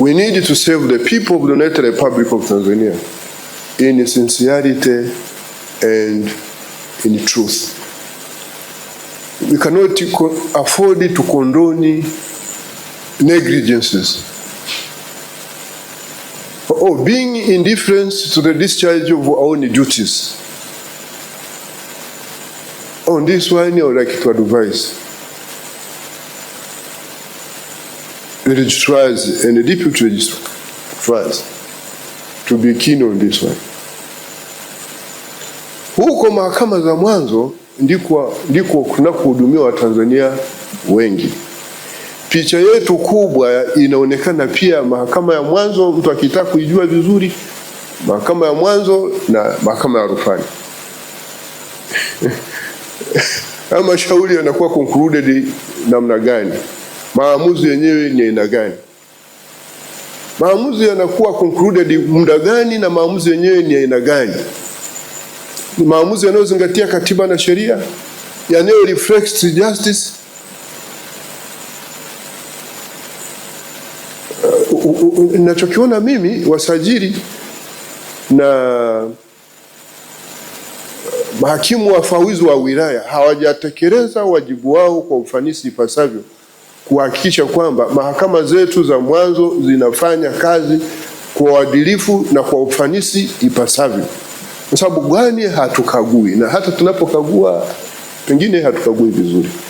We need to save the people of the United Republic of Tanzania in sincerity and in truth. We cannot afford to condone negligences or oh, being indifferent to the discharge of our own duties. On this one, I would like to advise it and the deputy registrars to be keen on this one. Huko mahakama za mwanzo ndiko ndiko kuhudumia Watanzania wengi. Picha yetu kubwa inaonekana pia mahakama ya mwanzo, mtu akitaka kuijua vizuri mahakama ya mwanzo na mahakama ya rufani ama shauri yanakuwa concluded namna gani? maamuzi yenyewe ni aina gani? Maamuzi yanakuwa concluded muda gani? Na maamuzi yenyewe ni aina gani? Ni maamuzi yanayozingatia katiba na sheria, yanayo reflect justice. Uh, ninachokiona mimi wasajili na mahakimu wafawizi wa wilaya hawajatekeleza wajibu wao kwa ufanisi ipasavyo kuhakikisha kwamba mahakama zetu za mwanzo zinafanya kazi kwa uadilifu na kwa ufanisi ipasavyo. Kwa sababu gani? Hatukagui, na hata tunapokagua pengine hatukagui vizuri.